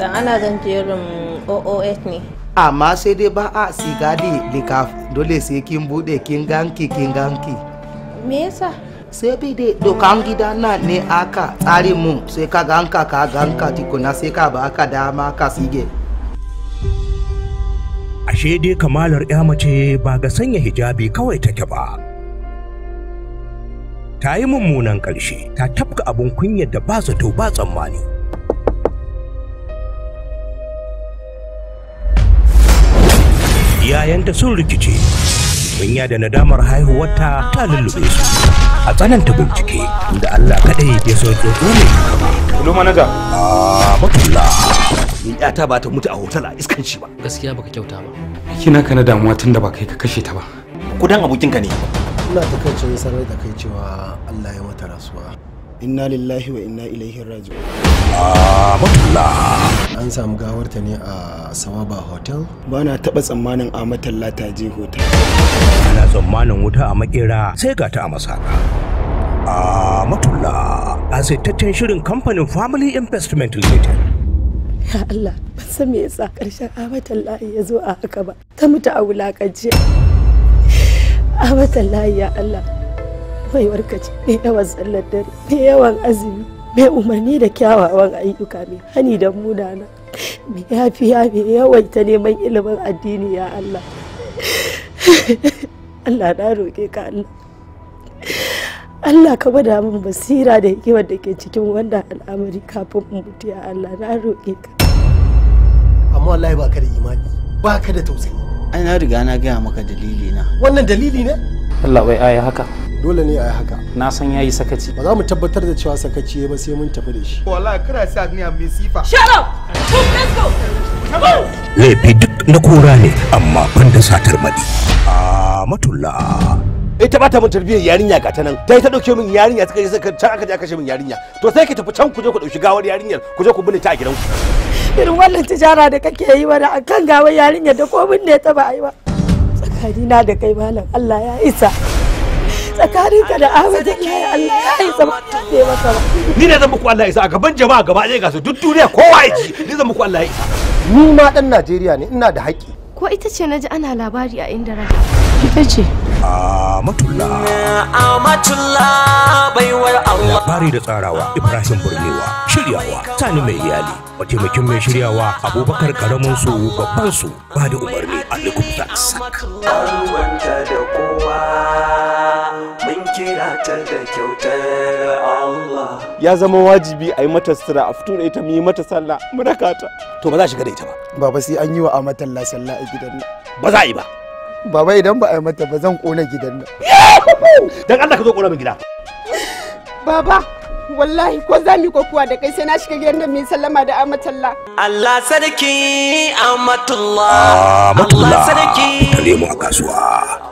dan ana zan jerin oos ne amma sai dai ba a siga da kaf dole sai kin bude kin ganki kin ganki me yasa sai bi dai dokan gida na ne aka tsari mu sai ka ganka ka ganka tikuna sai ka ba ka dama ka sige ashe dai kamalar ya mace ba ga sanya hijabi kawai take ba ta yi mummunan ƙarshe ta tafka abin kunyar da ba zato ba tsammani iyayenta sun rikice mun da nadamar haihuwar ta ta lullube su a tsananta bincike da Allah kadai ya so ya tsone Hello manager ah batulla ni ta ba ta mutu a hotel a iskan shi ba gaskiya baka kyauta ba kina kana damuwa tunda ba kai ka kashe ta ba kudan abokinka ne Allah ta kai ce sanar da kai cewa Allah ya mata rasuwa inna lillahi wa inna ilaihi raji'un an samu gawarta ne a sababa hotel ba na taɓa tsammanin matalla ta je hotel ana tsammanin wuta a makera sai ga ta a masaka a matulla a saitaccen shirin kamfanin family investment limited ya Allah ban san me yasa karshen amatallahi ya zo a haka ba ta mutu a wulakance amatallahi ya Allah baiwarka ce mai yawan tsallar dare mai yawan azumi mai umarni da kyawawan ayyuka mai hani da munana mai yafiya mai yawan ta neman ilimin addini ya Allah Allah na roƙe ka Allah Allah ka gwada min basira da hikimar da ke cikin wanda al'amari kafin in mutu ya Allah na roƙe ka amma wallahi ba ka da imani ba ka da tausayi ai na riga na gaya maka dalili na wannan dalili ne Allah bai aya haka dole ne a yi haka na san ya yi sakaci ba za mu tabbatar da cewa sakaci ya ba sai mun tafi da shi wala kira sai a mai sifa shut up let's go laifi duk na kora ne amma ban da satar madi a matulla ita ba ta mun tarbiyyar yarinya ga ta nan ta yi ta dauke min yarinya ta kaje can aka je aka min yarinya to sai ki tafi can ku je ku dauki gawar yarinyar ku je ku bune ta a gidanku irin wannan tijara da kake yi wa da akan gawar yarinyar da ko ne ta ba a yi ba tsakanina da kai malam Allah ya isa tsakaninka da Ahmadu Lai Allah ya yi zama bai maka ba. Ni ne zan muku Allah ya isa a gaban jama'a gaba ɗaya ga su duk duniya kowa ya ji ni zan muku Allah ya isa. Ni ma ɗan Najeriya ne ina da haƙƙi. Ko ita ce na ji ana labari a inda rana. Ita ce. Amatulla. Amatulla baiwar Allah. Labari da tsarawa Ibrahim Burnewa. Shiryawa sani mai iyali. Mataimakin mai shiryawa Abubakar Karamin su babban su ba da umarni a Likupta. Amatulla. kyautar Allah ya zama wajibi a yi mata sira a fito da ita mu yi mata sallah mu raka ta to ba za a shiga da ita ba baba sai an yi wa amatalla la sallah a gidan nan ba za a yi ba baba idan ba a yi mata ba zan kona gidan nan dan Allah ka zo kona min gida baba wallahi ko za mu kokuwa da kai sai na shiga gidan da mu sallama da amatalla. Allah sarki amatullah Allah sarki kare mu a kasuwa